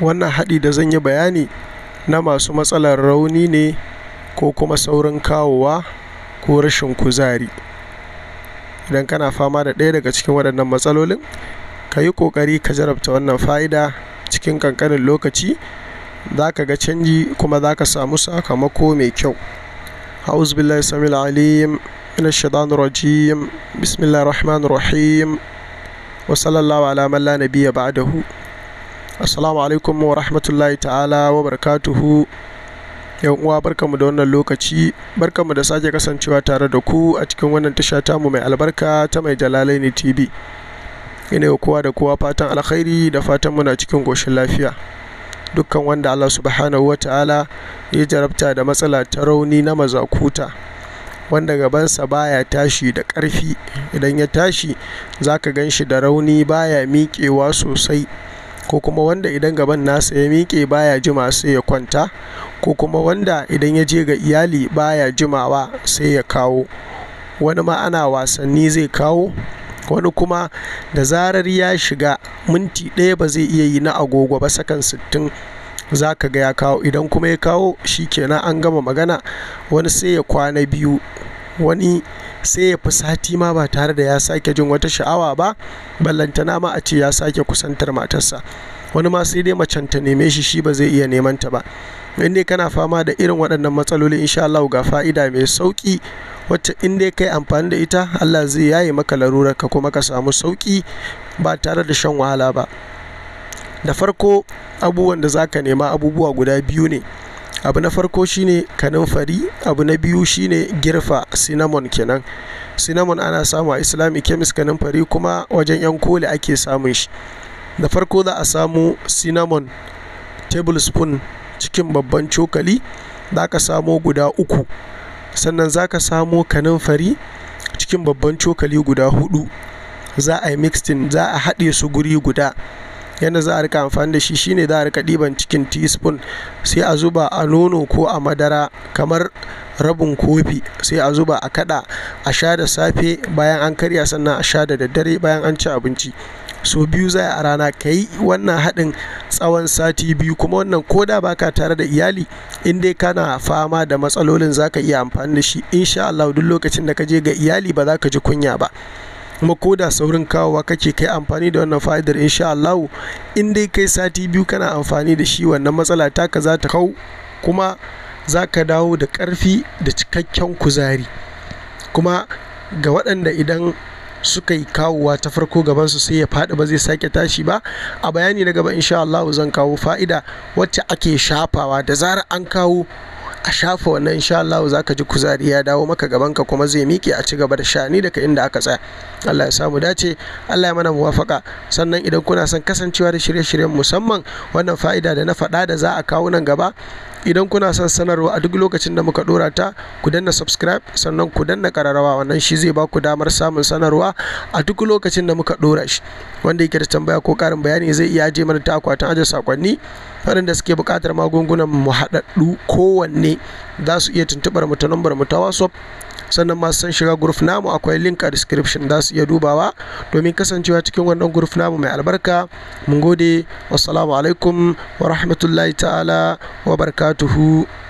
wannan haɗi da zan yi bayani na masu matsalar rauni ne ko kuma saurin kawowa ko rashin kuzari idan kana fama da ɗaya daga cikin waɗannan matsalolin ka yi ƙoƙari ka jarabta wannan fa'ida cikin ƙanƙanin lokaci za ka ga canji kuma za ka samu sakamako mai kyau أعوذ بالله السميع العليم من الشيطان wasu assalamu alaikum wa rahmatullahi ta'ala wa barakatuhu yan uwa barkamu da wannan lokaci barkamu da sake kasancewa tare da ku a cikin wannan tasha mu mai albarka ta mai jalalaini tv ina yi kowa da kowa fatan alkhairi da fatan muna cikin goshin lafiya dukkan wanda allah subhanahu wa ta'ala ya jarabta da matsala ta rauni na mazakuta wanda gabansa baya tashi da ƙarfi idan ya tashi za ka gan shi da rauni baya miƙewa sosai ko kuma wanda idan gaban nasa ya miƙe baya jima sai ya kwanta ko kuma wanda idan ya je ga iyali baya jimawa sai ya kawo wani ma ana wasanni zai kawo wani kuma da zarar ya shiga minti ɗaya ba zai iya yi na agogo ba sakan sittin za ka ga ya kawo idan kuma ya kawo shi kenan an gama magana wani sai ya kwana biyu wani sai ya fi sati ma ba tare da ya sake jin wata sha'awa ba ballantana ma a ce ya sake kusantar matarsa wani ma sai dai macen ta neme shi shi ba zai iya neman ta ba in dai kana fama da irin waɗannan matsaloli insha Allah ga fa'ida mai sauki wacce in dai kai amfani da ita Allah zai yaye maka larurar ka kuma ka samu sauki ba tare da shan wahala ba da farko abubuwan da zaka nema abubuwa guda biyu ne abu na farko shine kanunfari abu na biyu shine girfa cinnamon kenan cinnamon ana samu a islamic chemist kanunfari kuma wajen yan koli ake samun shi da farko za a samu cinnamon tablespoon cikin babban cokali za ka samo guda uku sannan za ka samo kanunfari cikin babban cokali guda hudu za a yi mixtin za a haɗe su guri guda yadda za a rika amfani da shi shine za a rika ɗiban cikin teaspoon sai a zuba a nono ko a madara kamar rabin kofi sai a zuba a kada a sha da safe bayan an karya sannan a sha da daddare bayan an ci abinci so biyu za a rana ka yi wannan haɗin tsawon sati biyu kuma wannan koda baka tare da iyali in dai kana fama da matsalolin za ka iya amfani da shi insha Allah duk lokacin da ka je ga iyali ba za ka ji kunya ba kuma ko da saurin kawowa kake kai amfani da wannan fa'idar insha Allah in dai kai sati biyu kana amfani da shi wannan matsala taka za ta kau kuma za ka dawo da ƙarfi da cikakken kuzari kuma ga waɗanda idan suka yi kawowa ta farko gabansu sai ya faɗi ba zai sake tashi ba a bayani na gaba insha Allah zan kawo fa'ida wacce ake shafawa da zarar an kawo a shafa wannan insha Allah za ka ji kuzari ya dawo maka gaban ka kuma zai miƙe a ci gaba da shani daga inda aka tsaya Allah ya samu dace Allah ya mana muwafaka sannan idan kuna son kasancewa da shirye-shiryen musamman wannan fa'ida da na faɗa da za a kawo nan gaba idan kuna son sanarwa a duk lokacin da muka dora ta ku danna subscribe sannan ku danna kararrawa wannan shi zai ba ku damar samun sanarwa a duk lokacin da muka dora shi wanda yake da tambaya ko karin bayani zai iya je mana ta akwatin ajiye sakonni waɗanda suke buƙatar magungunan mu haɗaɗɗu kowanne za su iya tuntubar mu ta lambar mu ta whatsapp sannan masu san shiga group namu akwai link a description za su iya dubawa domin kasancewa cikin wannan group namu mai albarka mun gode wassalamu alaikum wa rahmatullahi ta'ala wa barakatuhu